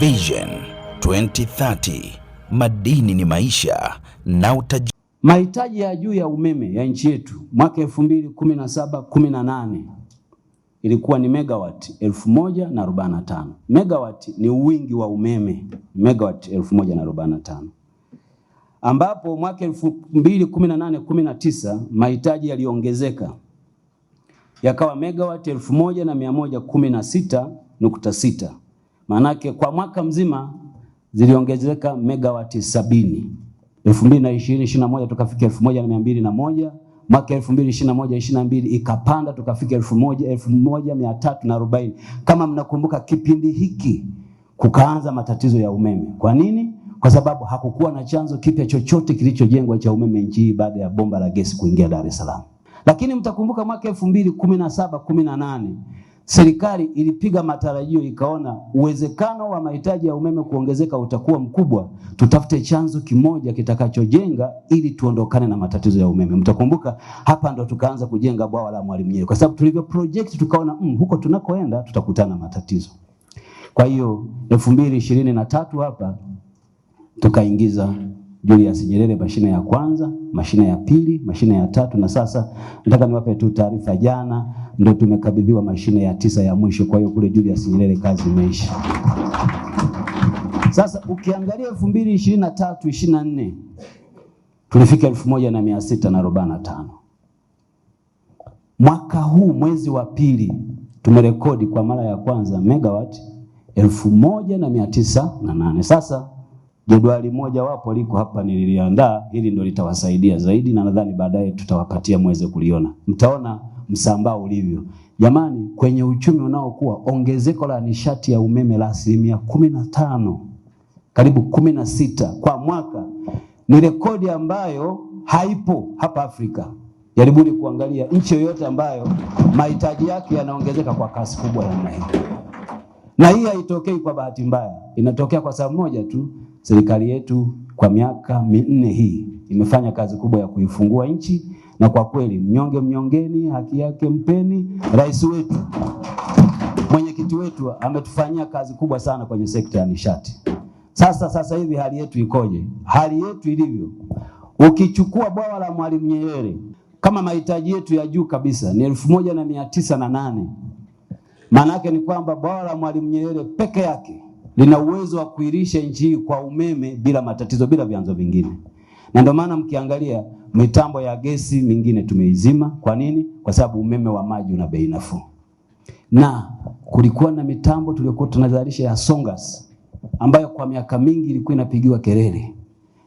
Vision 2030 madini ni maisha na utaji. Mahitaji ya juu ya umeme ya nchi yetu mwaka 2017 18 ilikuwa ni megawati 1045. moja Megawati ni wingi wa umeme, megawati 1045, ambapo mwaka 2018 19 mahitaji yaliongezeka yakawa megawati 11166 nukta sita Maanake kwa mwaka mzima ziliongezeka megawati sabini. 2020 21 tukafika moja mwaka 2021 22 ikapanda tukafika na 1340. Kama mnakumbuka kipindi hiki kukaanza matatizo ya umeme. Kwa nini? Kwa sababu hakukuwa na chanzo kipya chochote kilichojengwa cha umeme nchi hii baada ya bomba la gesi kuingia Dar es Salaam. Lakini mtakumbuka mwaka 2017 18 Serikali ilipiga matarajio ikaona uwezekano wa mahitaji ya umeme kuongezeka utakuwa mkubwa, tutafute chanzo kimoja kitakachojenga ili tuondokane na matatizo ya umeme. Mtakumbuka hapa ndo tukaanza kujenga bwawa la Mwalimu Nyerere, kwa sababu tulivyo project tukaona mm, huko tunakoenda tutakutana na matatizo. Kwa hiyo elfu mbili ishirini na tatu hapa tukaingiza Julius Nyerere, mashine ya kwanza, mashine ya pili, mashine ya tatu, na sasa nataka niwape tu taarifa, jana ndio tumekabidhiwa mashine ya tisa ya mwisho. Kwa hiyo kule Julius Nyerere kazi imeisha. Sasa ukiangalia 2023 24 tulifika elfu moja na mia sita na arobaini na tano. Mwaka huu mwezi wa pili tumerekodi kwa mara ya kwanza megawati elfu moja na mia tisa na nane. Sasa jedwali moja wapo liko hapa nililiandaa, hili ndio litawasaidia zaidi, na nadhani baadaye tutawapatia mweze kuliona, mtaona msambao ulivyo. Jamani, kwenye uchumi unaokuwa ongezeko la nishati ya umeme la asilimia kumi na tano karibu kumi na sita kwa mwaka ni rekodi ambayo haipo hapa Afrika. Jaribuni kuangalia nchi yoyote ambayo mahitaji yake yanaongezeka kwa kasi kubwa namna hii, na hii haitokei kwa bahati mbaya, inatokea kwa sababu moja tu serikali yetu kwa miaka minne hii imefanya kazi kubwa ya kuifungua nchi, na kwa kweli mnyonge mnyongeni, haki yake mpeni. Rais wetu, mwenyekiti wetu ametufanyia kazi kubwa sana kwenye sekta ya nishati. Sasa sasa hivi hali yetu ikoje? Hali yetu ilivyo, ukichukua bwawa la Mwalimu Nyerere kama mahitaji yetu ya juu kabisa ni elfu moja na mia tisa na nane maana yake ni kwamba bwawa la Mwalimu Nyerere peke yake lina uwezo wa kuirisha nchi hii kwa umeme bila matatizo, bila vyanzo vingine. Na ndio maana mkiangalia mitambo ya gesi mingine tumeizima. Kwa nini? Kwa sababu umeme wa maji una bei nafuu, na kulikuwa na mitambo tuliyokuwa tunazalisha ya Songas ambayo kwa miaka mingi ilikuwa inapigiwa kelele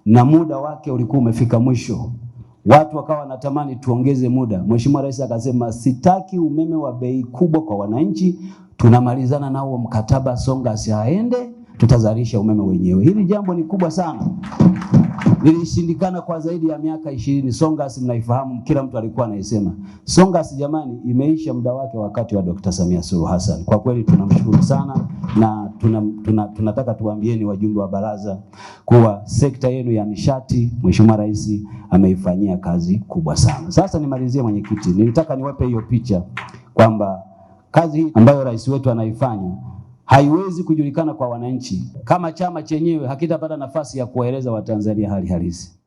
na muda wake ulikuwa umefika mwisho. Watu wakawa wanatamani tuongeze muda. Mheshimiwa Rais akasema sitaki umeme wa bei kubwa kwa wananchi, tunamalizana nao mkataba, Songa asiaende, tutazalisha umeme wenyewe. Hili jambo ni kubwa sana, lilishindikana kwa zaidi ya miaka ishirini. Songas mnaifahamu, kila mtu alikuwa anaisema Songas. Jamani, imeisha muda wake wakati wa Dr. Samia Suluhu Hassan. Kwa kweli tunamshukuru sana na tuna, tuna, tunataka tuambieni wajumbe wa baraza kuwa sekta yenu ya nishati Mheshimiwa Rais ameifanyia kazi kubwa sana. Sasa nimalizie, mwenyekiti, nilitaka niwape hiyo picha kwamba kazi ambayo rais wetu anaifanya haiwezi kujulikana kwa wananchi kama chama chenyewe hakitapata nafasi ya kuwaeleza Watanzania hali halisi.